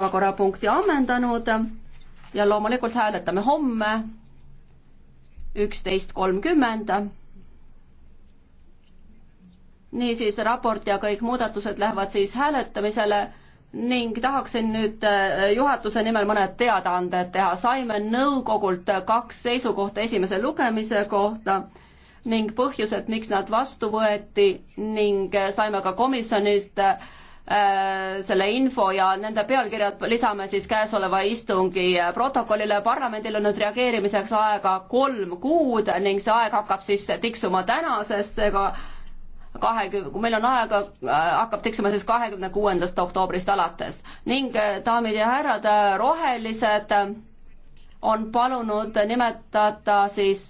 päevakorrapunkti ammendanud ja loomulikult hääletame homme üksteist kolmkümmend. niisiis raport ja kõik muudatused lähevad siis hääletamisele ning tahaksin nüüd äh, juhatuse nimel mõned teadaanded teha. saime nõukogult kaks seisukohta esimese lugemise kohta ning põhjused, miks nad vastu võeti ning äh, saime ka komisjonist äh, Äh, selle info ja nende pealkirjad lisame siis käesoleva istungi äh, protokollile. parlamendil on nüüd reageerimiseks aega kolm kuud ning see aeg hakkab siis tiksuma tänasest, seega kahekümne, kui meil on aega, äh, hakkab tiksuma siis kahekümne kuuendast oktoobrist alates ning daamid ja härrad, rohelised on palunud nimetada siis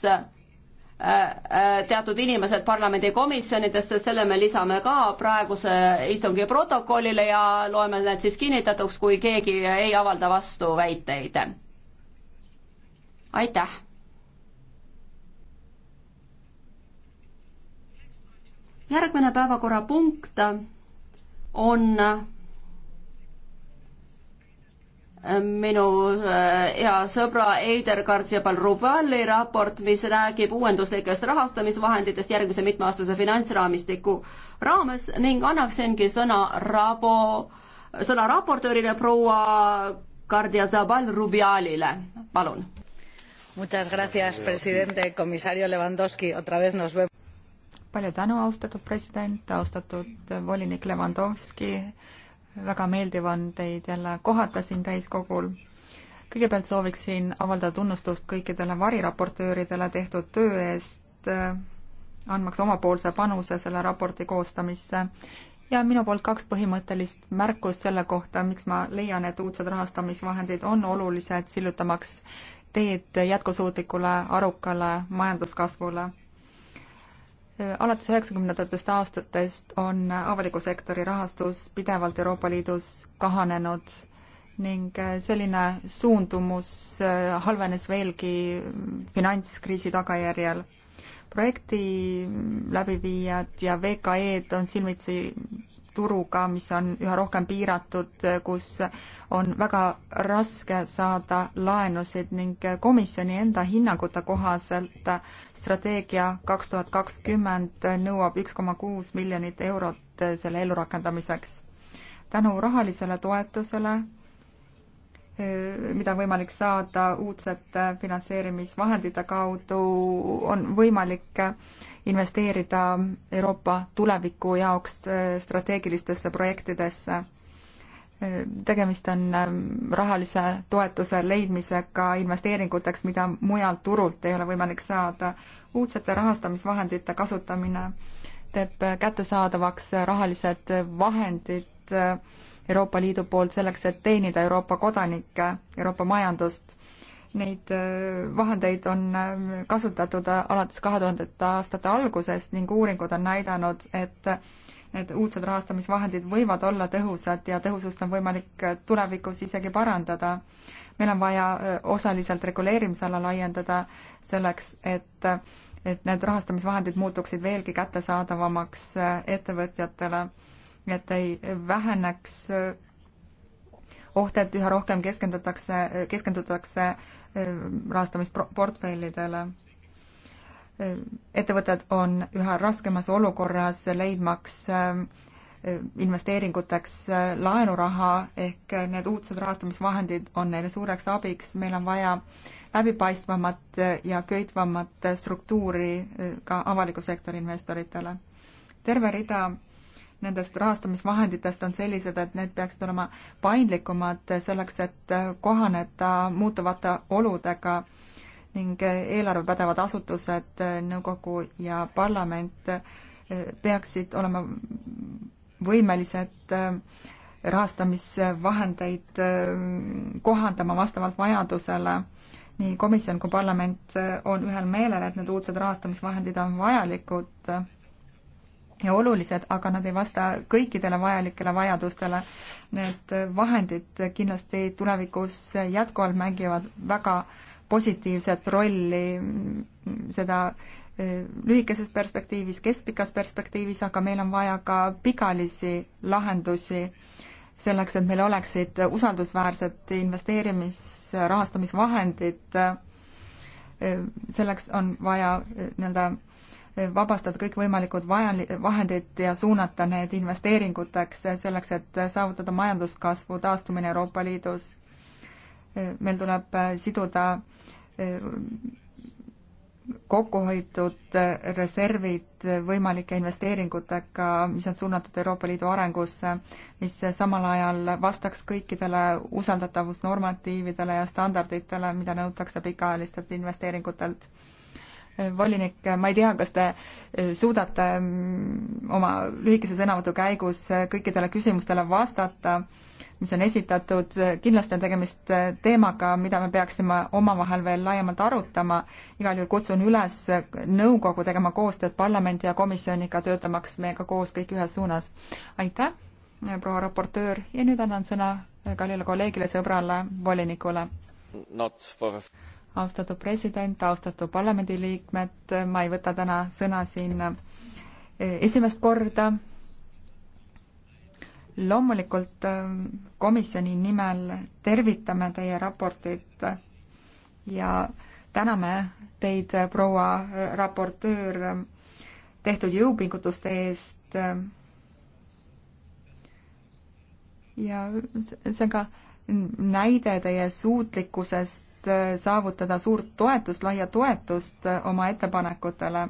Äh, äh, teatud inimesed parlamendikomisjonidesse, selle me lisame ka praeguse istungi protokollile ja loeme need siis kinnitatuks, kui keegi ei avalda vastuväiteid. aitäh. järgmine päevakorrapunkt on minu äh, hea sõbra Eider Garcia-Balrubali raport, mis räägib uuenduslikest rahastamisvahenditest järgmise mitmeaastase finantsraamistiku raames ning annaksingi sõna rabo, sõna raportöörile proua Gardia-Zabal-Rubialile, palun. Muchas gracias, presidente, komissario Levandovski, otra vez nos vemos. palju tänu, austatud president, austatud volinik Levandovski väga meeldiv on teid jälle kohata siin täiskogul. kõigepealt sooviksin avaldada tunnustust kõikidele variraportööridele tehtud töö eest, äh, andmaks omapoolse panuse selle raporti koostamisse ja minu poolt kaks põhimõttelist märkust selle kohta, miks ma leian, et uudsed rahastamisvahendid on olulised sillutamaks teed jätkusuutlikule arukale majanduskasvule Äh, alates üheksakümnendatest aastatest on avaliku sektori rahastus pidevalt Euroopa Liidus kahanenud ning äh, selline suundumus äh, halvenes veelgi finantskriisi tagajärjel. projekti läbiviijad ja VKE-d on silmitsi turuga, mis on üha rohkem piiratud, kus on väga raske saada laenusid ning komisjoni enda hinnangute kohaselt strateegia kaks tuhat kakskümmend nõuab üks koma kuus miljonit eurot selle ellurakendamiseks. tänu rahalisele toetusele mida on võimalik saada uudsete finantseerimisvahendite kaudu, on võimalik investeerida Euroopa tuleviku jaoks strateegilistesse projektidesse. tegemist on ähm, rahalise toetuse leidmisega investeeringuteks, mida mujalt turult ei ole võimalik saada. uudsete rahastamisvahendite kasutamine teeb kättesaadavaks rahalised vahendid äh, Euroopa Liidu poolt selleks, et teenida Euroopa kodanikke, Euroopa majandust. Neid äh, vahendeid on äh, kasutatud äh, alates kahe tuhandete aastate algusest ning uuringud on näidanud, et need uudsed rahastamisvahendid võivad olla tõhusad ja tõhusust on võimalik tulevikus isegi parandada. meil on vaja osaliselt reguleerimisala laiendada selleks, et, et need rahastamisvahendid muutuksid veelgi kättesaadavamaks ettevõtjatele et ei väheneks äh, oht, et üha rohkem keskendutakse, äh, keskendutakse äh, rahastamisportfellidele. ettevõtted on üha raskemas olukorras leidmaks investeeringuteks laenuraha ehk need uudsed rahastamisvahendid on neile suureks abiks, meil on vaja läbipaistvamat ja köitvamat struktuuri ka avaliku sektori investoritele. terve rida nendest rahastamisvahenditest on sellised, et need peaksid olema paindlikumad selleks, et kohaneda muutuvate oludega ning eelarvepädevad asutused, nõukogu ja parlament eh, peaksid olema võimelised eh, rahastamisvahendeid eh, kohandama vastavalt vajadusele. nii komisjon kui parlament on ühel meelel, et need uudsed rahastamisvahendid on vajalikud ja olulised, aga nad ei vasta kõikidele vajalikele vajadustele. Need vahendid kindlasti tulevikus jätkuvalt mängivad väga positiivset rolli mm, seda eh, lühikeses perspektiivis, keskpikas perspektiivis, aga meil on vaja ka pikaajalisi lahendusi selleks, et meil oleksid usaldusväärsed investeerimis- rahastamisvahendid. Eh, selleks on vaja eh, nii-öelda vabastada kõikvõimalikud vajali-, vahendid ja suunata need investeeringuteks, selleks et saavutada majanduskasvu taastumine Euroopa Liidus. meil tuleb siduda eh, kokkuhoitud reservid võimalike investeeringutega, mis on suunatud Euroopa Liidu arengusse, mis samal ajal vastaks kõikidele usaldatavusnormatiividele ja standarditele, mida nõutakse pikaajalistelt investeeringutelt volinik, ma ei tea, kas te e, suudate mm, oma lühikese sõnavõtu käigus e, kõikidele küsimustele vastata, mis on esitatud, kindlasti on tegemist e, teemaga, mida me peaksime omavahel veel laiemalt arutama, igal juhul kutsun üles nõukogu tegema koostööd parlamendi ja komisjoniga, töötamaks meiega koos kõik ühes suunas. aitäh, proua raportöör, ja nüüd annan sõna kallile kolleegile, sõbrale, volinikule. For austatud president, austatud parlamendiliikmed, ma ei võta täna sõna siin eh, esimest korda. loomulikult eh, komisjoni nimel tervitame teie raportit ja täname teid, proua eh, raportöör, tehtud jõupingutuste eest. ja see on ka näide teie suutlikkusest et äh, saavutada suurt toetust, laia toetust äh, oma ettepanekutele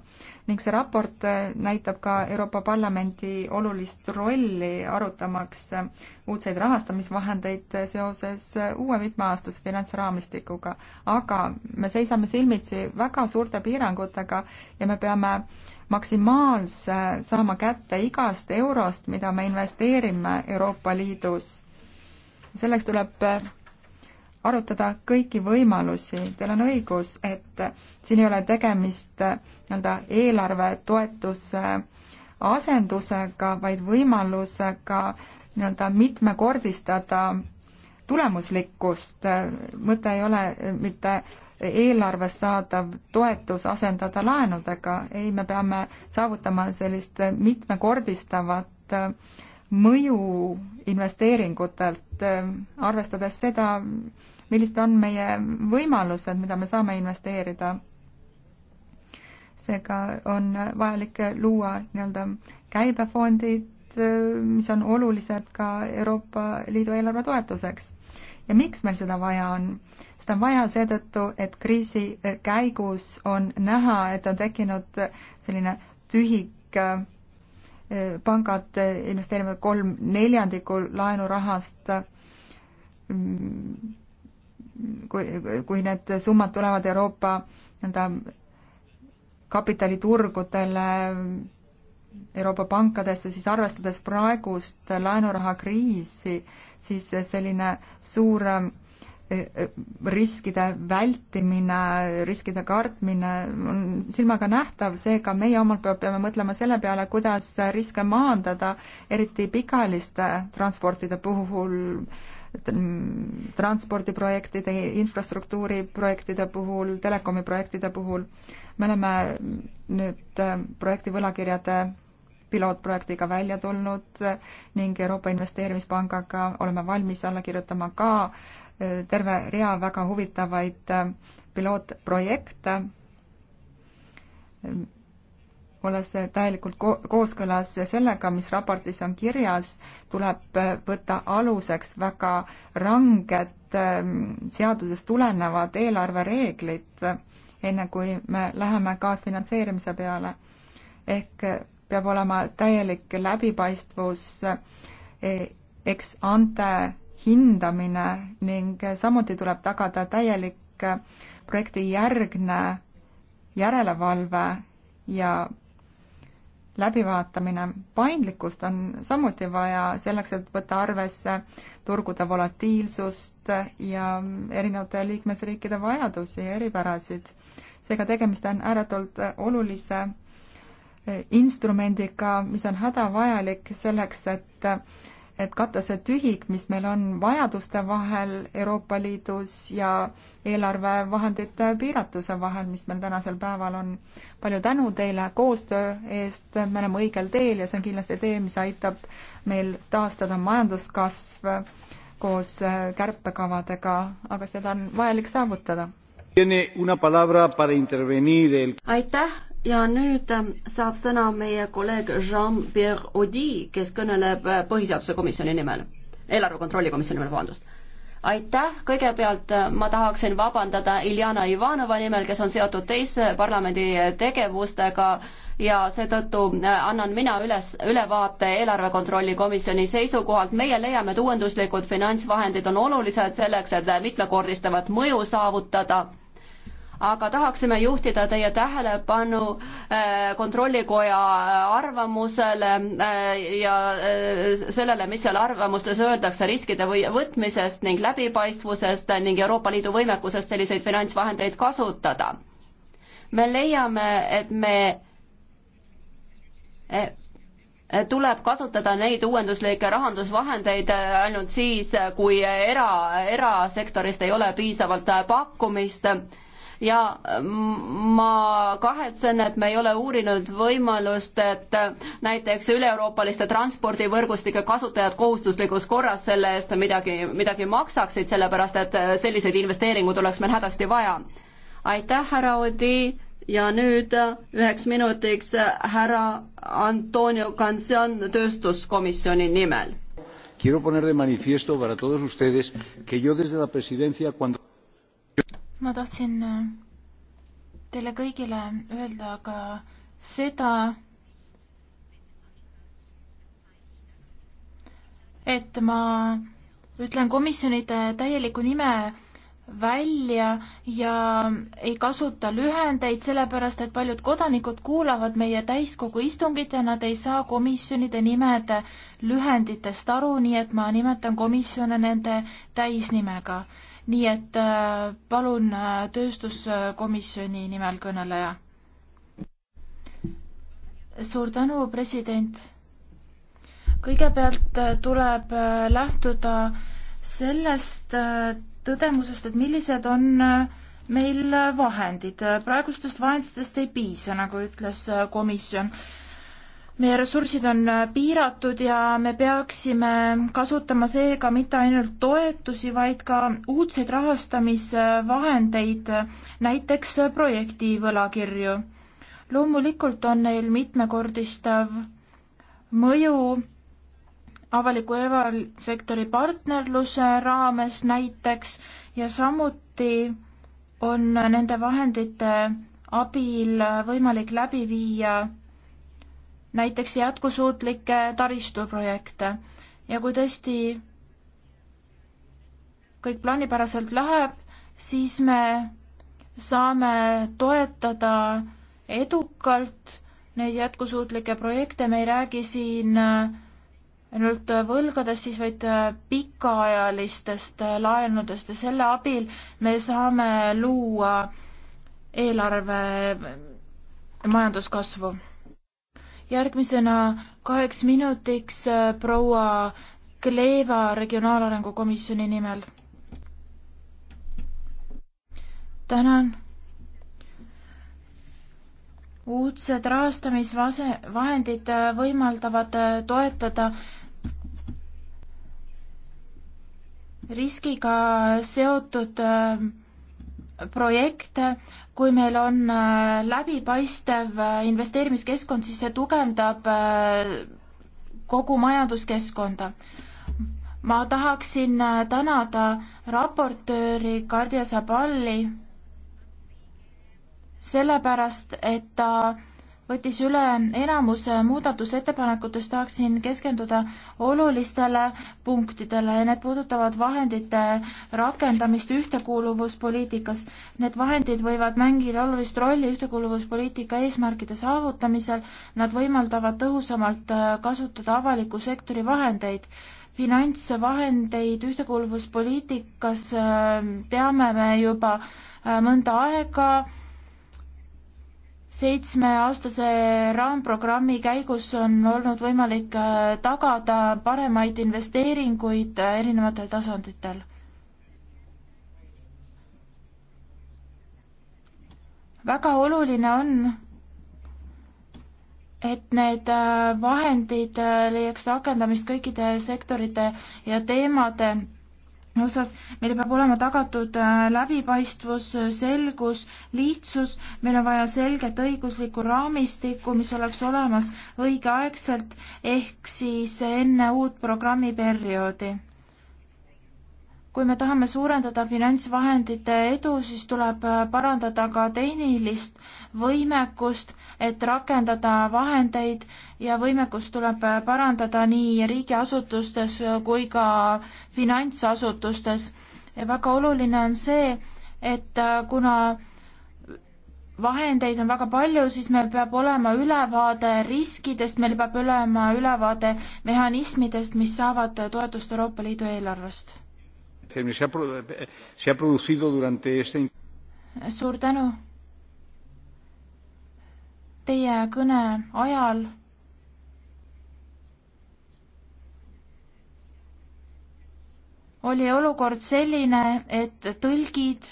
ning see raport äh, näitab ka Euroopa Parlamendi olulist rolli arutamaks uudseid rahastamisvahendeid seoses uue mitmeaastase finantsraamistikuga. aga me seisame silmitsi väga suurte piirangutega ja me peame maksimaalse saama kätte igast eurost, mida me investeerime Euroopa Liidus selleks tuleb arutada kõiki võimalusi. Teil on õigus, et siin ei ole tegemist äh, nii-öelda eelarve toetuse äh, asendusega, vaid võimalusega nii-öelda mitmekordistada tulemuslikkust. mõte ei ole äh, mitte eelarvest saadav toetus asendada laenudega, ei, me peame saavutama sellist mitmekordistavat mõju investeeringutelt, arvestades seda, millised on meie võimalused, mida me saame investeerida. seega on vajalik luua nii-öelda käibefondid, mis on olulised ka Euroopa Liidu eelarve toetuseks. ja miks meil seda vaja on? seda on vaja seetõttu, et kriisi käigus on näha, et on tekkinud selline tühik eh, pangad investeerivad kolm neljandikku laenurahast mm, kui, kui need summad tulevad Euroopa nii-öelda kapitaliturgudele, Euroopa pankadesse, siis arvestades praegust laenurahakriisi, siis selline suur eh, eh, riskide vältimine, riskide kartmine on silmaga nähtav, seega meie omalt poolt peame mõtlema selle peale, kuidas riske maandada, eriti pikaajaliste transportide puhul transpordiprojektide, infrastruktuuriprojektide puhul, telekomi projektide puhul. me oleme nüüd äh, projekti võlakirjade pilootprojektiga välja tulnud ning Euroopa Investeerimispangaga oleme valmis alla kirjutama ka äh, terve rea väga huvitavaid äh, pilootprojekte olles täielikult ko kooskõlas sellega, mis raportis on kirjas, tuleb võtta aluseks väga ranged ähm, seadusest tulenevad eelarvereeglid, enne kui me läheme kaasfinantseerimise peale. ehk peab olema täielik läbipaistvus, eks ante hindamine ning samuti tuleb tagada täielik projekti järgne järelevalve ja läbivaatamine. paindlikkust on samuti vaja selleks, et võtta arvesse turgude volatiilsust ja erinevate liikmesriikide vajadusi ja eripärasid. seega tegemist on ääretult olulise eh, instrumendiga, mis on hädavajalik selleks, et et katta see tühik, mis meil on vajaduste vahel Euroopa Liidus ja eelarvevahendite piiratuse vahel, mis meil tänasel päeval on. palju tänu teile koostöö eest, me oleme õigel teel ja see on kindlasti tee, mis aitab meil taastada majanduskasv koos äh, kärpekavadega, aga seda on vajalik saavutada. aitäh ja nüüd ähm, saab sõna meie kolleeg Jean-Pierre Audi, kes kõneleb äh, Põhiseaduse komisjoni nimel, eelarve kontrolli komisjoni nimel, vabandust. aitäh, kõigepealt äh, ma tahaksin vabandada Iljana Ivanova nimel, kes on seotud teiste parlamendi tegevustega ja seetõttu äh, annan mina üles, ülevaate eelarve kontrolli komisjoni seisukohalt. meie leiame, et uuenduslikud finantsvahendid on olulised selleks, et mitmekordistavat mõju saavutada aga tahaksime juhtida teie tähelepanu äh, kontrollikoja äh, arvamusele äh, ja sellele, mis seal arvamustes öeldakse riskide või võtmisest ning läbipaistvusest ning Euroopa Liidu võimekusest selliseid finantsvahendeid kasutada. me leiame, et me e, e, tuleb kasutada neid uuenduslikke rahandusvahendeid ainult siis, kui era, erasektorist ei ole piisavalt pakkumist ja ma kahetsen, et me ei ole uurinud võimalust, et äh, näiteks üle-euroopaliste transpordivõrgustike kasutajad kohustuslikus korras selle eest midagi, midagi maksaksid, sellepärast et äh, selliseid investeeringuid oleks meil hädasti vaja. aitäh, härra Odi ja nüüd äh, üheks minutiks härra Antonio Kansian tööstuskomisjoni nimel. Quiero poner de manifiesto para todos ustedes que yo desde la presidencia cuando ma tahtsin äh, teile kõigile öelda ka seda, et ma ütlen komisjonide täieliku nime välja ja ei kasuta lühendeid, sellepärast et paljud kodanikud kuulavad meie täiskogu istungit ja nad ei saa komisjonide nimede lühenditest aru, nii et ma nimetan komisjone nende täisnimega nii et äh, palun äh, tööstuskomisjoni nimel kõneleja. suur tänu, president. kõigepealt äh, tuleb lähtuda sellest tõdemusest, et millised on meil vahendid. praegustest vahenditest ei piisa, nagu ütles komisjon meie ressursid on äh, piiratud ja me peaksime kasutama seega mitte ainult toetusi, vaid ka uudseid rahastamisvahendeid, äh, näiteks äh, projektivõlakirju. loomulikult on neil mitmekordistav mõju avaliku erasektori partnerluse raames näiteks ja samuti on nende vahendite abil võimalik läbi viia näiteks jätkusuutlikke taristuprojekte ja kui tõesti kõik plaanipäraselt läheb, siis me saame toetada edukalt neid jätkusuutlikke projekte, me ei räägi siin ainult võlgadest siis, vaid pikaajalistest laenudest ja selle abil me saame luua eelarve majanduskasvu järgmisena kaheks minutiks äh, proua Kleeva Regionaalarengu Komisjoni nimel. tänan. uudsed rahastamisvase-, vahendid äh, võimaldavad äh, toetada riskiga seotud projekte, kui meil on äh, läbipaistev äh, investeerimiskeskkond, siis see tugevdab äh, kogu majanduskeskkonda. ma tahaksin tänada raportööri Kardia Zaballi sellepärast, et ta võttis üle enamuse muudatusettepanekutest, tahaksin keskenduda olulistele punktidele ja need puudutavad vahendite rakendamist ühtekuuluvuspoliitikas. Need vahendid võivad mängida olulist rolli ühtekuuluvuspoliitika eesmärkide saavutamisel, nad võimaldavad tõhusamalt äh, kasutada avaliku sektori vahendeid finantsvahendeid ühtekuuluvuspoliitikas äh, teame me juba äh, mõnda aega seitsmeaastase raamprogrammi käigus on olnud võimalik äh, tagada paremaid investeeringuid äh, erinevatel tasanditel. väga oluline on, et need äh, vahendid leiaks rakendamist kõikide sektorite ja teemade osas meil peab olema tagatud äh, läbipaistvus, selgus, lihtsus, meil on vaja selget õiguslikku raamistikku, mis oleks olemas õigeaegselt ehk siis enne uut programmiperioodi kui me tahame suurendada finantsvahendite edu, siis tuleb äh, parandada ka tehnilist võimekust, et rakendada vahendeid ja võimekust tuleb äh, parandada nii riigiasutustes äh, kui ka finantsasutustes. ja väga oluline on see, et kuna vahendeid on väga palju, siis meil peab olema ülevaade riskidest, meil peab olema ülevaade mehhanismidest, mis saavad toetust Euroopa Liidu eelarvest suur tänu. Teie kõne ajal oli olukord selline, et tõlgid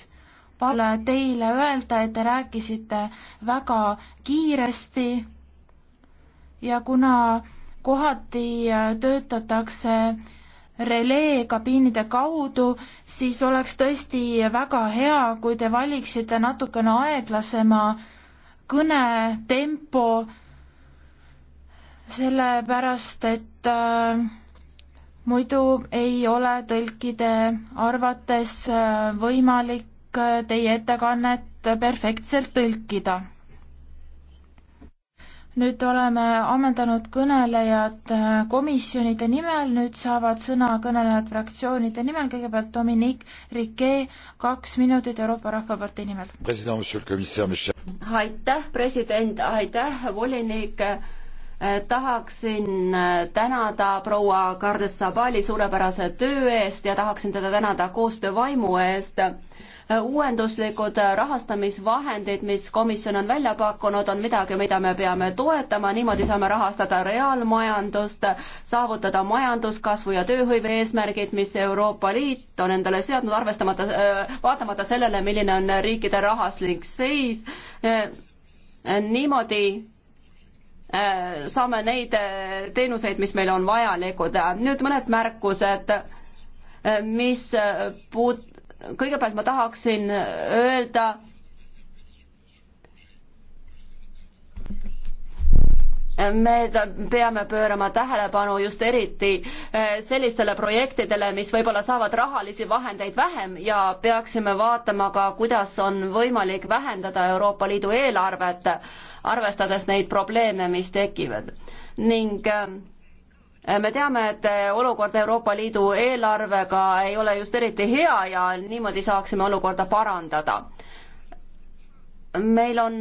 pole teile öelda, et te rääkisite väga kiiresti ja kuna kohati töötatakse releekabiinide kaudu, siis oleks tõesti väga hea, kui te valiksite natukene aeglasema kõnetempo, sellepärast et äh, muidu ei ole tõlkide arvates äh, võimalik äh, teie ettekannet perfektselt tõlkida nüüd oleme ammendanud kõnelejad äh, komisjonide nimel, nüüd saavad sõna kõnelejad fraktsioonide nimel, kõigepealt Dominique Riquet, kaks minutit Euroopa Rahvapartei nimel. aitäh, president, aitäh, volinik tahaksin äh, tänada proua Kardes Sabali suurepärase töö eest ja tahaksin teda tänada koostöövaimu eest. Äh, uuenduslikud äh, rahastamisvahendid, mis komisjon on välja pakkunud, on midagi, mida me peame toetama, niimoodi saame rahastada reaalmajandust, saavutada majanduskasvu ja tööhõive eesmärgid, mis Euroopa Liit on endale seadnud, arvestamata, vaatamata sellele, milline on riikide rahaslik seis. niimoodi Äh, saame neid äh, teenuseid, mis meile on vajalikud. nüüd mõned märkused, äh, mis puud-, kõigepealt ma tahaksin öelda, me peame pöörama tähelepanu just eriti eh, sellistele projektidele, mis võib-olla saavad rahalisi vahendeid vähem ja peaksime vaatama ka, kuidas on võimalik vähendada Euroopa Liidu eelarvet, arvestades neid probleeme, mis tekivad. ning eh, me teame, et olukord Euroopa Liidu eelarvega ei ole just eriti hea ja niimoodi saaksime olukorda parandada meil on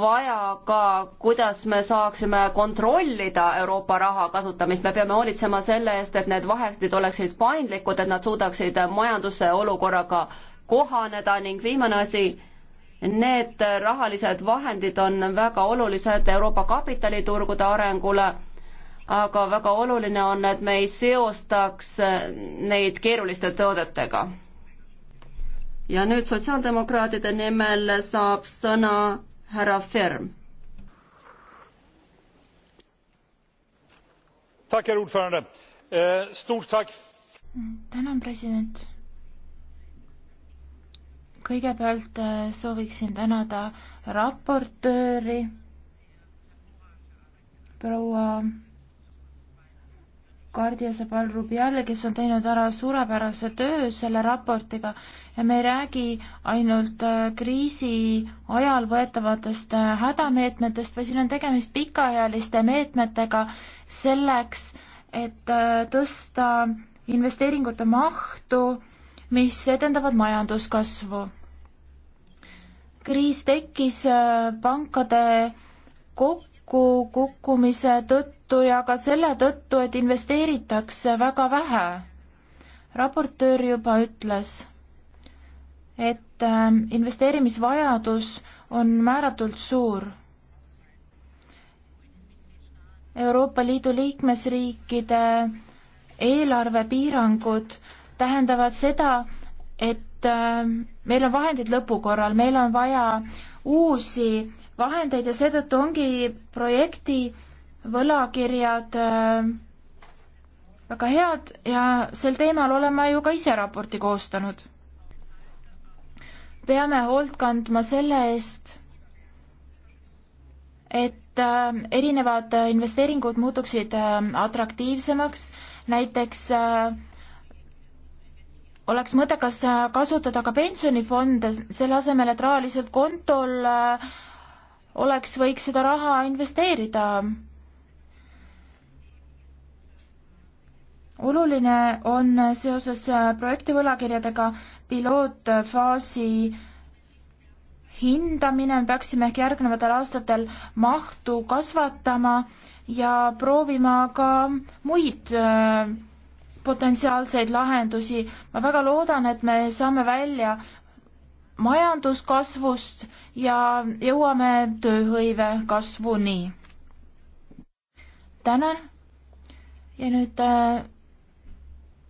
vaja ka, kuidas me saaksime kontrollida Euroopa raha kasutamist, me peame hoolitsema selle eest, et need vahendid oleksid paindlikud, et nad suudaksid majanduse olukorraga kohaneda ning viimane asi, need rahalised vahendid on väga olulised Euroopa kapitaliturgude arengule aga väga oluline on, et me ei seostaks neid keeruliste toodetega ja nüüd sotsiaaldemokraatide nimel saab sõna härra Ferm. Eh, tänan, president. kõigepealt eh, sooviksin tänada raportööri proua Gardia Zabal-Rubiale, kes on teinud ära suurepärase töö selle raportiga ja me ei räägi ainult äh, kriisi ajal võetavatest äh, hädameetmetest, vaid siin on tegemist pikaajaliste meetmetega selleks, et äh, tõsta investeeringute mahtu, mis edendavad majanduskasvu. kriis tekkis pankade kokkukukkumise tõttu, tõttu ja ka selle tõttu, et investeeritakse väga vähe. raportöör juba ütles, et ähm, investeerimisvajadus on määratult suur. Euroopa Liidu liikmesriikide eelarvepiirangud tähendavad seda, et ähm, meil on vahendid lõpukorral, meil on vaja uusi vahendeid ja seetõttu ongi projekti võlakirjad äh, väga head ja sel teemal olen ma ju ka ise raporti koostanud. peame hoolt kandma selle eest, et äh, erinevad investeeringud muutuksid äh, atraktiivsemaks, näiteks oleks mõttekas kasutada ka pensionifonde, selle asemel, et rahaliselt kontol oleks, võiks seda raha investeerida oluline on seoses äh, projektivõlakirjadega pilootfaasi hindamine, me peaksime ehk järgnevatel aastatel mahtu kasvatama ja proovima ka muid äh, potentsiaalseid lahendusi. ma väga loodan, et me saame välja majanduskasvust ja jõuame tööhõive kasvuni. tänan ja nüüd äh,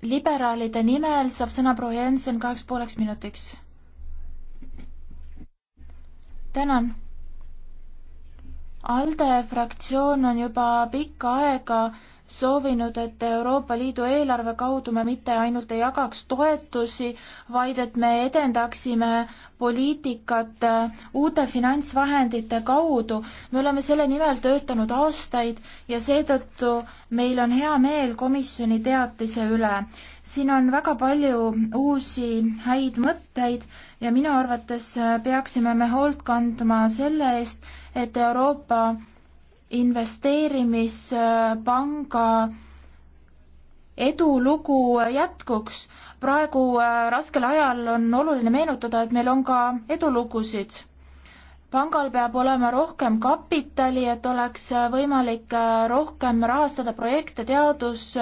liberaalide nimel saab sõna proua Jensen kaheks pooleks minutiks. tänan. ALDE fraktsioon on juba pikka aega soovinud, et Euroopa Liidu eelarve kaudu me mitte ainult ei jagaks toetusi, vaid et me edendaksime poliitikat äh, uute finantsvahendite kaudu. me oleme selle nimel töötanud aastaid ja seetõttu meil on hea meel komisjoni teatise üle. siin on väga palju uusi häid mõtteid ja minu arvates äh, peaksime me hoolt kandma selle eest, et Euroopa investeerimispanga edulugu jätkuks. praegu äh, raskel ajal on oluline meenutada, et meil on ka edulugusid. pangal peab olema rohkem kapitali, et oleks äh, võimalik äh, rohkem rahastada projekte teadus,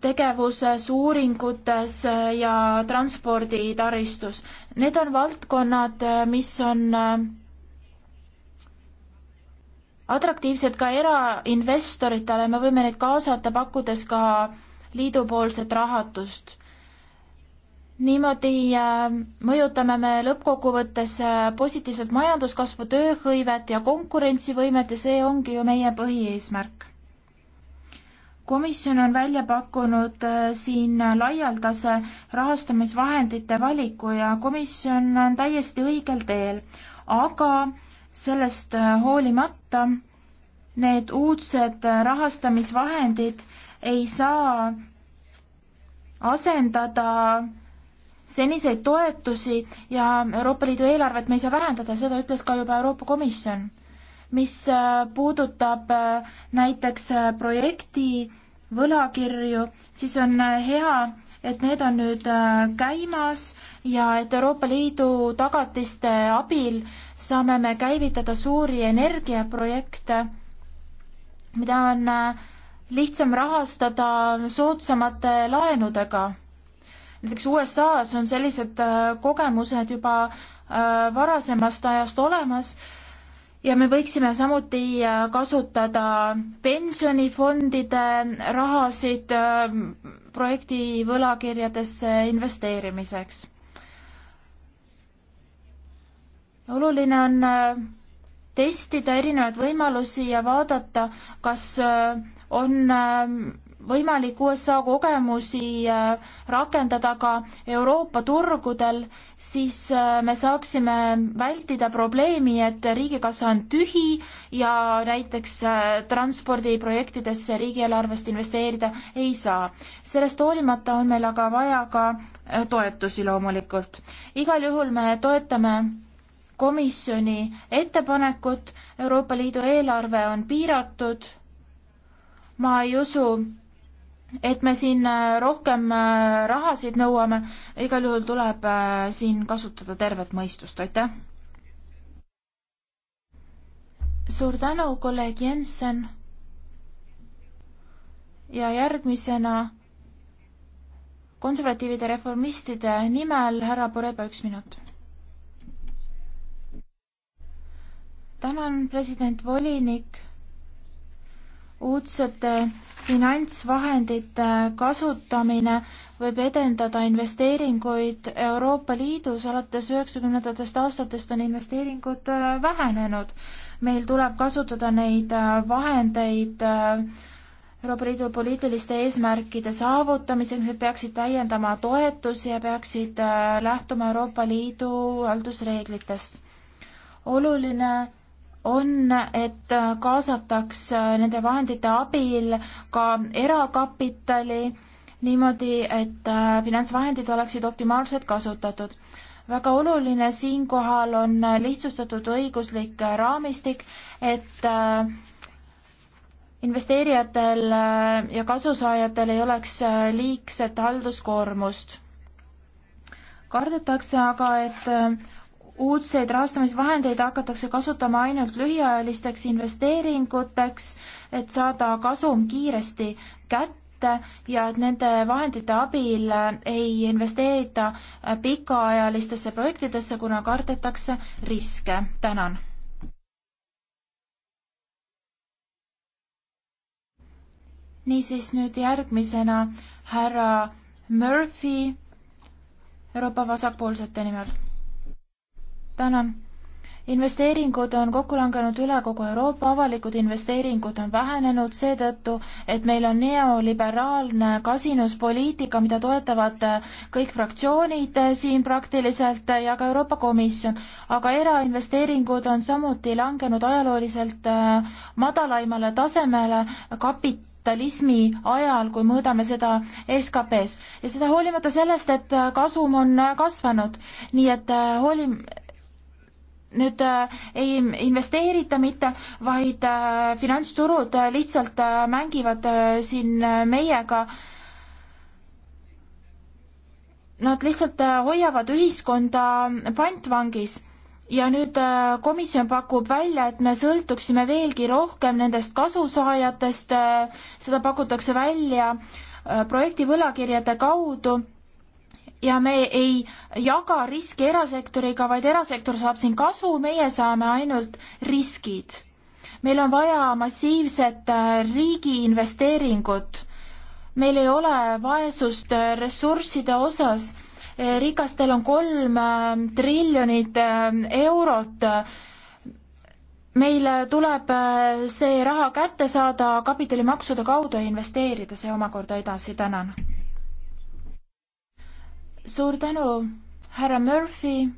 tegevuses, uuringutes ja transporditaristus. Need on valdkonnad, mis on atraktiivsed ka erainvestoritele, me võime neid kaasata, pakkudes ka liidupoolset rahatust. niimoodi äh, mõjutame me lõppkokkuvõttes äh, positiivselt majanduskasvu, tööhõivet ja konkurentsivõimet ja see ongi ju meie põhieesmärk. komisjon on välja pakkunud äh, siin laialdase rahastamisvahendite valiku ja komisjon on täiesti õigel teel, aga sellest äh, hoolimata need uudsed äh, rahastamisvahendid ei saa asendada seniseid toetusi ja Euroopa Liidu eelarvet me ei saa vähendada, seda ütles ka juba Euroopa Komisjon. mis äh, puudutab näiteks projekti võlakirju, siis on hea, et need on nüüd äh, käimas ja et Euroopa Liidu tagatiste abil saame me käivitada suuri energiaprojekte, mida on äh, lihtsam rahastada soodsamate laenudega. näiteks USA-s on sellised äh, kogemused juba varasemast ajast olemas ja me võiksime samuti äh, kasutada pensionifondide rahasid ähm, projekti võlakirjadesse investeerimiseks. oluline on äh, testida erinevaid võimalusi ja vaadata, kas äh, on ähm, võimalik USA kogemusi äh, rakendada ka Euroopa turgudel, siis äh, me saaksime vältida probleemi, et riigikassa on tühi ja näiteks äh, transpordiprojektidesse riigieelarvest investeerida ei saa. sellest hoolimata on meil aga vaja ka toetusi loomulikult. igal juhul me toetame komisjoni ettepanekut, Euroopa Liidu eelarve on piiratud, ma ei usu, et me siin äh, rohkem äh, rahasid nõuame, igal juhul tuleb äh, siin kasutada tervet mõistust, aitäh! suur tänu, kolleeg Jensen! ja järgmisena konservatiivide reformistide nimel härra Poreba, üks minut. tänan, president volinik uudsete äh, finantsvahendite äh, kasutamine võib edendada investeeringuid Euroopa Liidus, alates üheksakümnendatest aastatest on investeeringud äh, vähenenud. meil tuleb kasutada neid vahendeid Euroopa Liidu poliitiliste eesmärkide saavutamiseks, need peaksid täiendama toetusi ja peaksid lähtuma Euroopa Liidu haldusreeglitest. oluline on, et kaasataks nende vahendite abil ka erakapitali niimoodi, et äh, finantsvahendid oleksid optimaalselt kasutatud. väga oluline siinkohal on lihtsustatud õiguslik raamistik, et äh, investeerijatel äh, ja kasusaajatel ei oleks liigset halduskoormust. kardetakse aga, et uudseid rahastamisvahendeid hakatakse kasutama ainult lühiajalisteks investeeringuteks, et saada kasum kiiresti kätte ja et nende vahendite abil ei investeerita pikaajalistesse projektidesse, kuna kardetakse riske. tänan. niisiis nüüd järgmisena härra Murphy Euroopa vasakpoolsete nimel tänan. investeeringud on kokku langenud üle kogu Euroopa, avalikud investeeringud on vähenenud seetõttu, et meil on neoliberaalne kasinuspoliitika, mida toetavad kõik fraktsioonid siin praktiliselt ja ka Euroopa Komisjon. aga erainvesteeringud on samuti langenud ajalooliselt äh, madalaimale tasemele kapit-, kapitalismi ajal, kui mõõdame seda SKP-s ja seda hoolimata sellest, et äh, kasum on äh, kasvanud, nii et hoolim-, nüüd äh, ei investeerita mitte, vaid äh, finantsturud äh, lihtsalt mängivad siin meiega. Nad lihtsalt hoiavad ühiskonda pantvangis ja nüüd komisjon pakub välja, et me sõltuksime veelgi rohkem nendest kasusaajatest, seda pakutakse välja projekti võlakirjade kaudu ja me ei jaga riski erasektoriga, vaid erasektor saab siin kasu, meie saame ainult riskid. meil on vaja massiivset äh, riigi investeeringut. meil ei ole vaesust äh, ressursside osas. Äh, rikastel on kolm triljonit eurot meil tuleb see raha kätte saada kapitalimaksude kaudu ja investeerida see omakorda edasi, tänan suur tänu, härra Murphy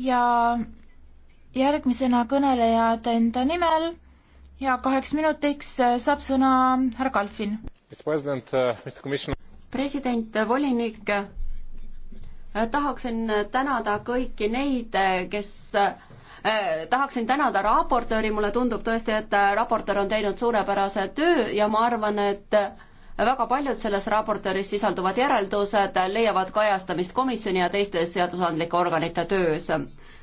ja järgmisena kõnelejad enda nimel ja kaheks minutiks saab sõna härra Kalfin. president, uh, uh, volinik, uh, tahaksin tänada kõiki neid, kes tahaksin tänada raportööri, mulle tundub tõesti, et raportöör on teinud suurepärase töö ja ma arvan, et väga paljud selles raportööris sisalduvad järeldused leiavad kajastamist komisjoni ja teistes seadusandlike organite töös.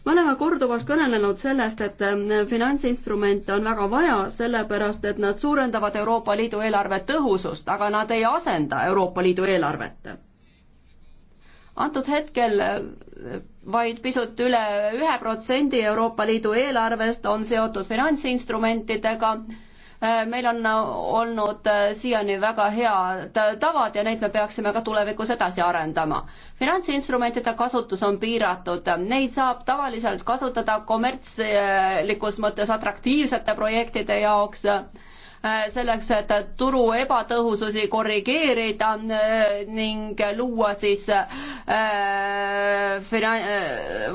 me oleme korduvalt kõnelenud sellest, et eh, finantsinstrumente on väga vaja, sellepärast et nad suurendavad Euroopa Liidu eelarve tõhusust, aga nad ei asenda Euroopa Liidu eelarvet antud hetkel eh, vaid pisut üle ühe protsendi Euroopa Liidu eelarvest on seotud finantsinstrumentidega Äh, meil on äh, olnud äh, siiani väga head tavad ja neid me peaksime ka tulevikus edasi arendama. finantsinstrumentide kasutus on piiratud, neid saab tavaliselt kasutada kommertslikus mõttes atraktiivsete projektide jaoks Äh, selleks, et turu ebatõhususi korrigeerida äh, ning luua siis äh, finan-,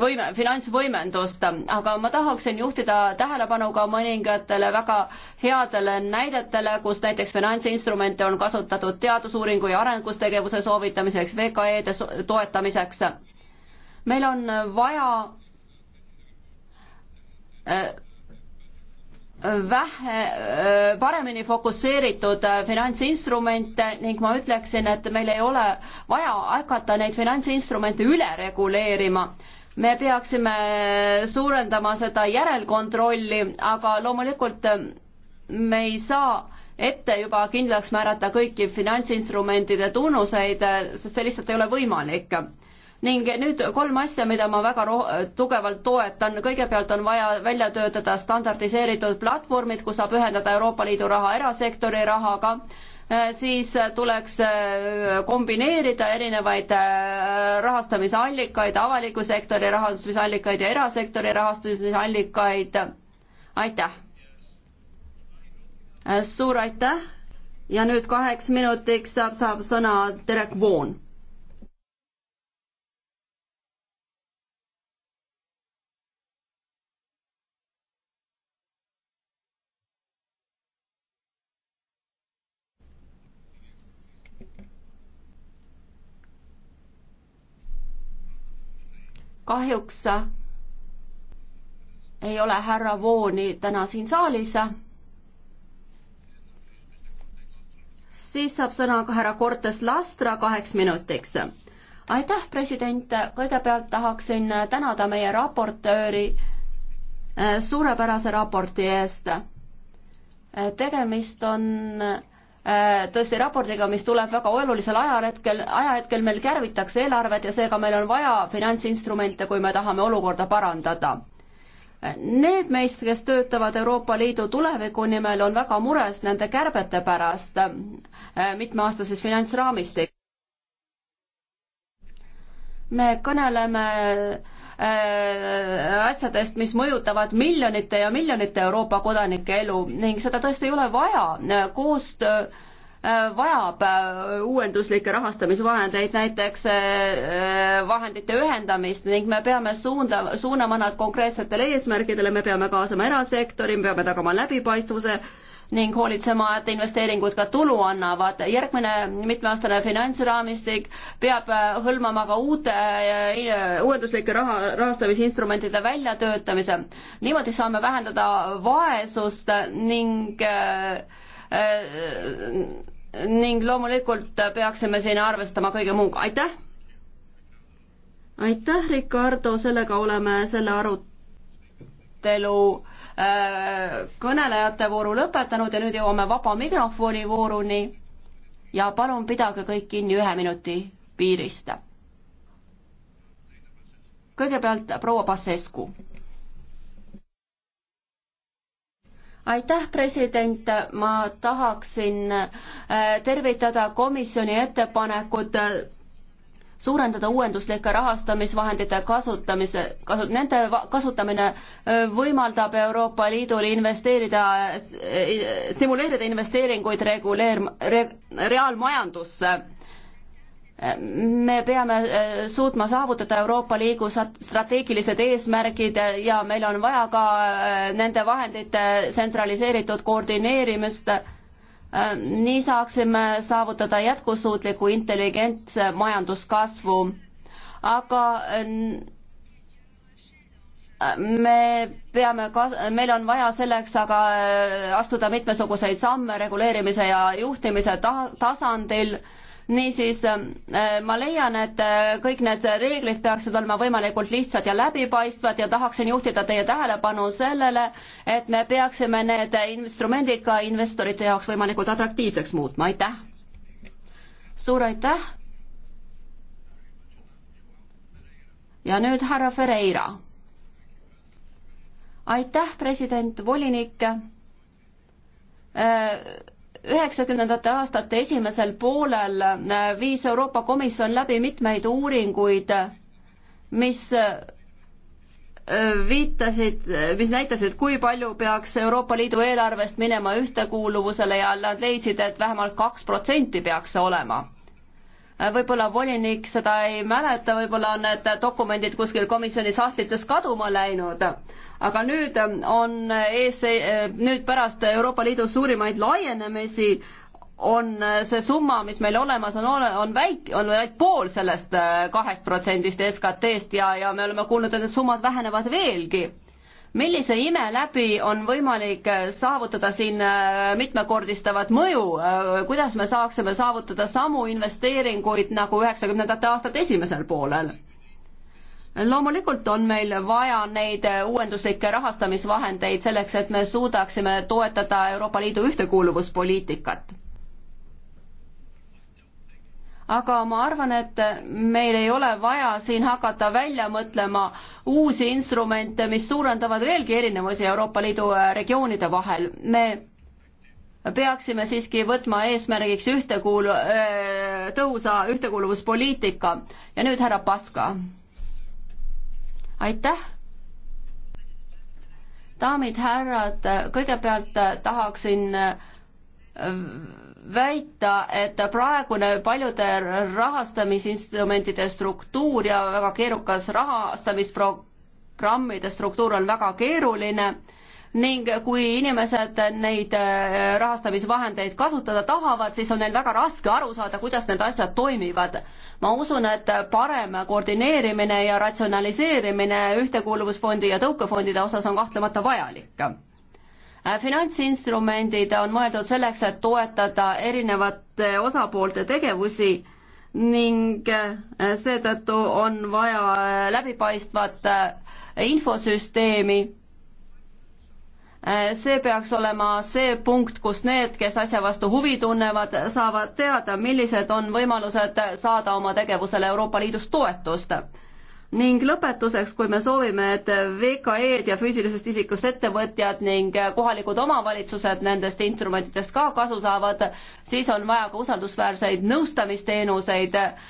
võime, finantsvõimendust. aga ma tahaksin juhtida tähelepanu ka mõningatele väga headele näidetele, kus näiteks finantsinstrumente on kasutatud teadusuuringu ja arendustegevuse soovitamiseks, VKE-de toetamiseks. meil on vaja vähe, paremini fokusseeritud äh, finantsinstrumente ning ma ütleksin, et meil ei ole vaja hakata neid finantsinstrumente üle reguleerima. me peaksime äh, suurendama seda järelkontrolli, aga loomulikult äh, me ei saa ette juba kindlaks määrata kõiki finantsinstrumentide tunnuseid, sest see lihtsalt ei ole võimalik ning nüüd kolm asja, mida ma väga tugevalt toetan, kõigepealt on vaja välja töötada standardiseeritud platvormid, kus saab ühendada Euroopa Liidu raha erasektori rahaga, äh, siis äh, tuleks äh, kombineerida erinevaid rahastamisallikaid, avaliku sektori rahastamisallikaid ja erasektori rahastamisallikaid. aitäh! suur aitäh ja nüüd kaheks minutiks saab, saab sõna Derek Vaughan kahjuks ei ole härra Vooni täna siin saalis. siis saab sõna ka härra Cortes Lastra kaheks minutiks. aitäh, president, kõigepealt tahaksin tänada meie raportööri eh, suurepärase raporti eest. Eh, tegemist on Äh, tõesti raportiga, mis tuleb väga olulisel ajahetkel, ajahetkel meil kärvitakse eelarvet ja seega meil on vaja finantsinstrumente, kui me tahame olukorda parandada. Need meist, kes töötavad Euroopa Liidu tuleviku nimel, on väga mures nende kärbete pärast äh, mitmeaastases finantsraamistikus. me kõneleme Äh, asjadest, mis mõjutavad miljonite ja miljonite Euroopa kodanike elu ning seda tõesti ei ole vaja. koostöö äh, vajab äh, uuenduslikke rahastamisvahendeid, näiteks vahendite ühendamist ning me peame suunda, suunama nad konkreetsetele eesmärkidele, me peame kaasama erasektori, me peame tagama läbipaistvuse ning hoolitsema, et investeeringud ka tulu annavad. järgmine mitmeaastane finantsraamistik peab äh, hõlmama ka uute äh, uuenduslike raha, rahastamisinstrumentide väljatöötamise. niimoodi saame vähendada vaesust ning äh, ning loomulikult peaksime siin arvestama kõige muuga. aitäh! aitäh, Ricardo, sellega oleme selle arutelu Äh, kõnelejate vooru lõpetanud ja nüüd jõuame vaba mikrofoni vooruni. ja palun pidage kõik kinni ühe minuti piirist. kõigepealt proua Pasescu. aitäh, president, ma tahaksin äh, tervitada komisjoni ettepanekut äh, suurendada uuenduslike rahastamisvahendite kasutamise, kasu-, nende kasutamine võimaldab Euroopa Liidul investeerida, äh, stimuleerida investeeringuid reguleer-, re-, reaalmajandusse. me peame suutma saavutada Euroopa Liidu strateegilised eesmärgid ja meil on vaja ka nende vahendite tsentraliseeritud koordineerimist Äh, nii saaksime saavutada jätkusuutliku intelligentse majanduskasvu. aga äh, me peame ka, meil on vaja selleks aga äh, astuda mitmesuguseid samme reguleerimise ja juhtimise ta-, tasandil niisiis äh, ma leian, et äh, kõik need reeglid peaksid olema võimalikult lihtsad ja läbipaistvad ja tahaksin juhtida teie tähelepanu sellele, et me peaksime need instrumendid ka investorite jaoks võimalikult atraktiivseks muutma, aitäh! suur aitäh! ja nüüd härra Ferreira. aitäh, president, volinik äh, üheksakümnendate aastate esimesel poolel äh, viis Euroopa Komisjon läbi mitmeid uuringuid, mis äh, viitasid, mis näitasid, kui palju peaks Euroopa Liidu eelarvest minema ühtekuuluvusele ja nad leidsid, et vähemalt kaks protsenti peaks see olema. Äh, võib-olla volinik seda ei mäleta, võib-olla on need dokumendid kuskil komisjoni sahtlites kaduma läinud, aga nüüd ähm, on ees, äh, nüüd pärast Euroopa Liidu suurimaid laienemisi on äh, see summa, mis meil olemas on, on väike, on vaid pool sellest äh, kahest protsendist SKT-st ja, ja me oleme kuulnud, et need summad vähenevad veelgi millise ime läbi on võimalik saavutada siin mitmekordistavat mõju, kuidas me saaksime saavutada samu investeeringuid nagu üheksakümnendate aastate esimesel poolel? loomulikult on meil vaja neid eh, uuenduslikke rahastamisvahendeid selleks, et me suudaksime toetada Euroopa Liidu ühtekuuluvuspoliitikat. aga ma arvan, et meil ei ole vaja siin hakata välja mõtlema uusi instrumente, mis suurendavad veelgi erinevusi Euroopa Liidu eh, regioonide vahel. me peaksime siiski võtma eesmärgiks ühtekuulu-, eh, tõhusa ühtekuuluvuspoliitika ja nüüd härra Paska aitäh! daamid-härrad, kõigepealt tahaksin äh, väita, et praegune paljude rahastamisinstrumentide struktuur ja väga keerukas rahastamisprogrammide struktuur on väga keeruline ning kui inimesed neid äh, rahastamisvahendeid kasutada tahavad, siis on neil väga raske aru saada, kuidas need asjad toimivad. ma usun, et parem koordineerimine ja ratsionaliseerimine Ühtekuuluvusfondi ja tõukefondide osas on kahtlemata vajalik äh, finantsinstrumendid on mõeldud selleks, et toetada erinevate osapoolte tegevusi ning äh, seetõttu on vaja läbipaistvat infosüsteemi Äh, see peaks olema see punkt, kus need, kes asja vastu huvi tunnevad, saavad teada, millised on võimalused saada oma tegevusele Euroopa Liidust toetust ning lõpetuseks, kui me soovime, et VKE-d ja füüsilisest isikust ettevõtjad ning kohalikud omavalitsused nendest instrumentidest ka kasu saavad, siis on vaja ka usaldusväärseid nõustamisteenuseid eh,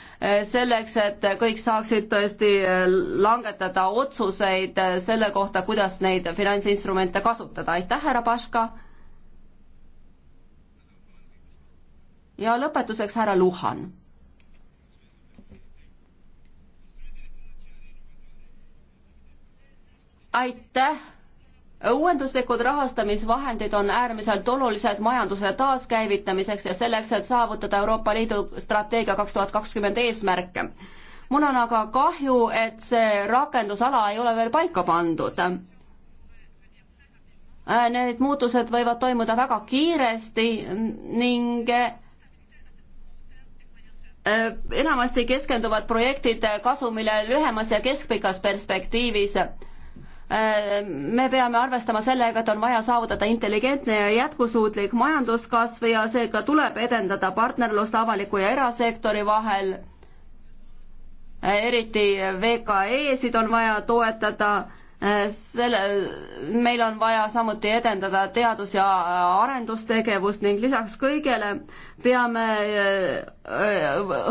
selleks, et kõik saaksid tõesti eh, langetada otsuseid eh, selle kohta, kuidas neid finantsinstrumente kasutada. aitäh, härra Paška! ja lõpetuseks härra Luhan aitäh! uuenduslikud rahastamisvahendid on äärmiselt olulised majanduse taaskäivitamiseks ja selleks, et saavutada Euroopa Liidu strateegia kaks tuhat kakskümmend eesmärke. mul on aga kahju, et see rakendusala ei ole veel paika pandud. Need muutused võivad toimuda väga kiiresti ning e, enamasti keskenduvad projektid kasumile lühemas ja keskpikas perspektiivis Äh, me peame arvestama sellega, et on vaja saavutada intelligentne ja jätkusuutlik majanduskasv ja seega tuleb edendada partnerlust avaliku ja erasektori vahel. Äh, eriti VKE-sid on vaja toetada, äh, selle, meil on vaja samuti edendada teadus- ja arendustegevust ning lisaks kõigele peame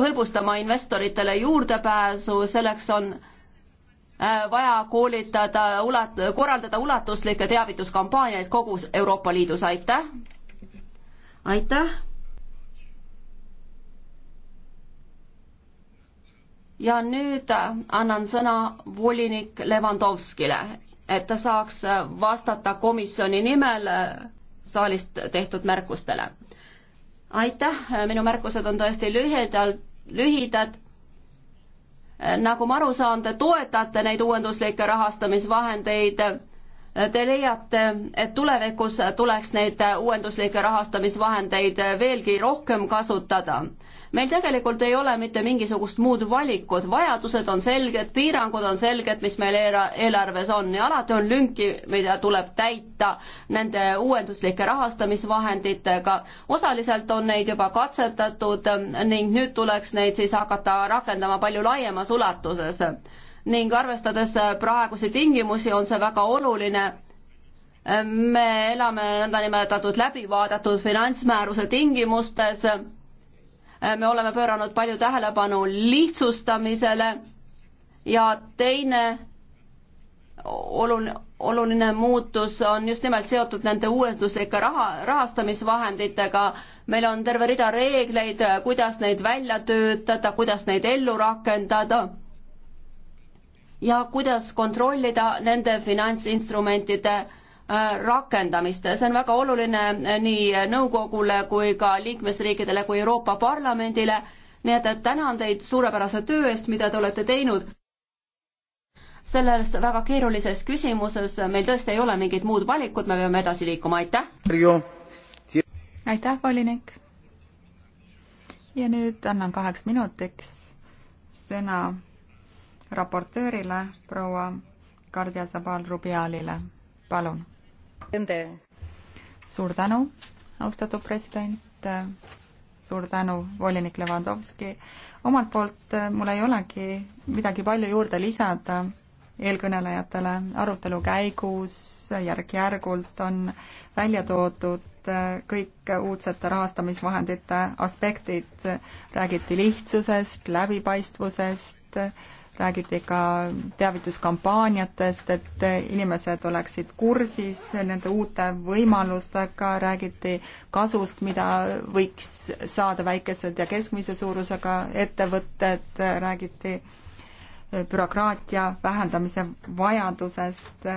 hõlbustama investoritele juurdepääsu, selleks on Äh, vaja koolitada, ulat-, korraldada ulatuslikke teavituskampaaniaid kogu Euroopa Liidus, aitäh! aitäh! ja nüüd äh, annan sõna volinik Levandovskile, et ta saaks äh, vastata komisjoni nimel saalist tehtud märkustele. aitäh, minu märkused on tõesti lühidalt, lühidad nagu ma aru saan, te toetate neid uuenduslikke rahastamisvahendeid te leiate, et tulevikus tuleks neid uuenduslikke rahastamisvahendeid veelgi rohkem kasutada. meil tegelikult ei ole mitte mingisugust muud valikut, vajadused on selged, piirangud on selged, mis meil eelarves on ja alati on lünki, mida tuleb täita nende uuenduslike rahastamisvahenditega. osaliselt on neid juba katsetatud ning nüüd tuleks neid siis hakata rakendama palju laiemas ulatuses ning arvestades äh, praegusi tingimusi, on see väga oluline. Äh, me elame nõndanimetatud läbivaadatud finantsmääruse tingimustes. Äh, me oleme pööranud palju tähelepanu lihtsustamisele ja teine oluline, oluline muutus on just nimelt seotud nende uuenduslike raha, rahastamisvahenditega. meil on terve rida reegleid, kuidas neid välja töötada, kuidas neid ellu rakendada ja kuidas kontrollida nende finantsinstrumentide äh, rakendamist, see on väga oluline äh, nii nõukogule kui ka liikmesriikidele kui Euroopa Parlamendile, nii et, et tänan teid suurepärase töö eest, mida te olete teinud selles väga keerulises küsimuses, meil tõesti ei ole mingit muud valikut, me peame edasi liikuma, aitäh! aitäh, volinik! ja nüüd annan kaheks minutiks sõna raportöörile proua Kardia Zabal-Rubialile, palun. suur tänu, austatud president, suur tänu, volinik Levandovski. omalt poolt eh, mul ei olegi midagi palju juurde lisada eelkõnelejatele, arutelu käigus järk-järgult on välja toodud eh, kõik uudsete rahastamisvahendite aspektid, räägiti lihtsusest, läbipaistvusest, räägiti ka teavituskampaaniatest, et inimesed oleksid kursis nende uute võimalustega, räägiti kasust, mida võiks saada väikesed ja keskmise suurusega ettevõtted, räägiti bürokraatia vähendamise vajadusest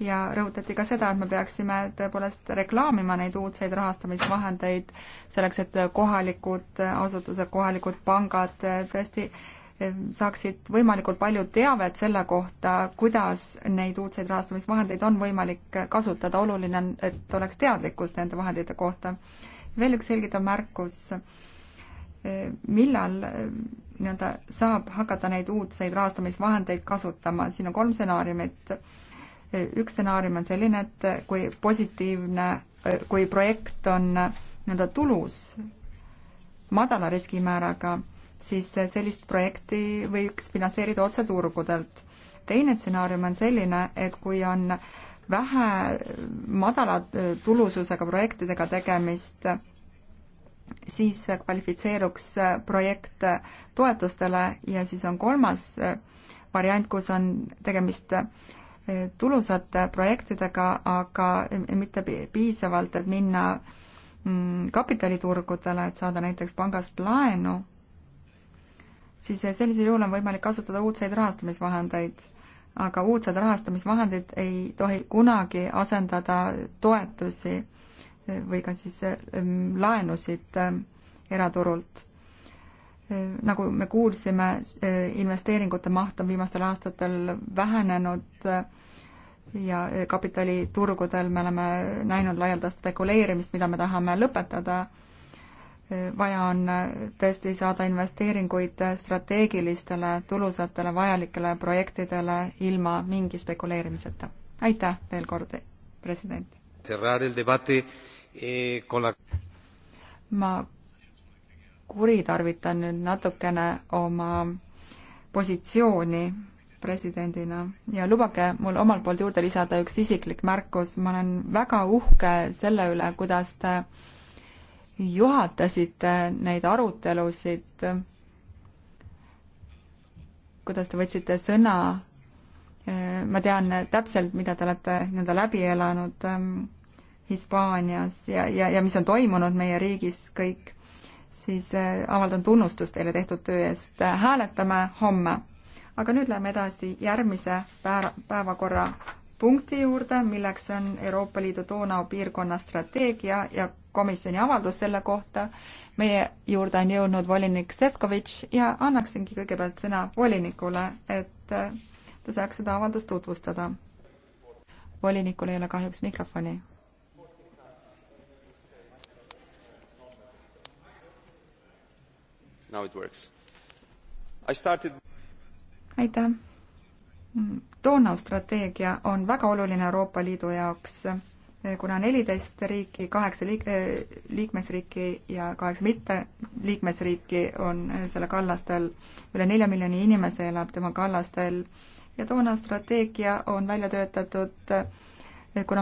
ja rõhutati ka seda, et me peaksime tõepoolest reklaamima neid uudseid rahastamisvahendeid selleks, et kohalikud asutused, kohalikud pangad tõesti saaksid võimalikult palju teavet selle kohta, kuidas neid uudseid rahastamisvahendeid on võimalik kasutada, oluline on, et oleks teadlikkus nende vahendite kohta. veel üks selgitav märkus, millal nii-öelda saab hakata neid uudseid rahastamisvahendeid kasutama, siin on kolm stsenaariumit. üks stsenaarium on selline, et kui positiivne, kui projekt on nii-öelda tulus, madala riskimääraga siis sellist projekti võiks finantseerida otse turgudelt. teine stsenaarium on selline, et kui on vähe madala tulususega projektidega tegemist, siis kvalifitseeruks projekt toetustele ja siis on kolmas variant, kus on tegemist tulusate projektidega, aga mitte piisavalt, et minna mm, kapitaliturgudele, et saada näiteks pangast laenu siis sellisel juhul on võimalik kasutada uudseid rahastamisvahendeid. aga uudsed rahastamisvahendid ei tohi kunagi asendada toetusi või ka siis ehm, laenusid ehm, eraturult. Ehm, nagu me kuulsime, investeeringute maht on viimastel aastatel vähenenud ja kapitaliturgudel me oleme näinud laialdast spekuleerimist, mida me tahame lõpetada vaja on äh, tõesti saada investeeringuid äh, strateegilistele, tulusatele, vajalikele projektidele ilma mingi spekuleerimiseta. aitäh veel kord, president! Eh, ma kuritarvitan nüüd natukene oma positsiooni presidendina ja lubage mul omalt poolt juurde lisada üks isiklik märkus, ma olen väga uhke selle üle, kuidas te juhatasite neid arutelusid, kuidas te võtsite sõna, ma tean täpselt, mida te olete nii-öelda läbi elanud ähm, Hispaanias ja, ja, ja mis on toimunud meie riigis kõik, siis äh, avaldan tunnustust teile tehtud töö eest, hääletame homme. aga nüüd läheme edasi järgmise päeva, päevakorra punkti juurde, milleks on Euroopa Liidu Donau piirkonna strateegia ja komisjoni avaldus selle kohta. meie juurde on jõudnud volinik Sefkovitš ja annaksingi kõigepealt sõna volinikule, et äh, ta saaks seda avaldust tutvustada. volinikul ei ole kahjuks mikrofoni. Now it works. I started aitäh! Donau strateegia on väga oluline Euroopa Liidu jaoks, kuna neliteist riiki, kaheksa liik-, liikmesriiki ja kaheksa mitte liikmesriiki on selle kallastel, üle nelja miljoni inimese elab tema kallastel ja Donau strateegia on välja töötatud kuna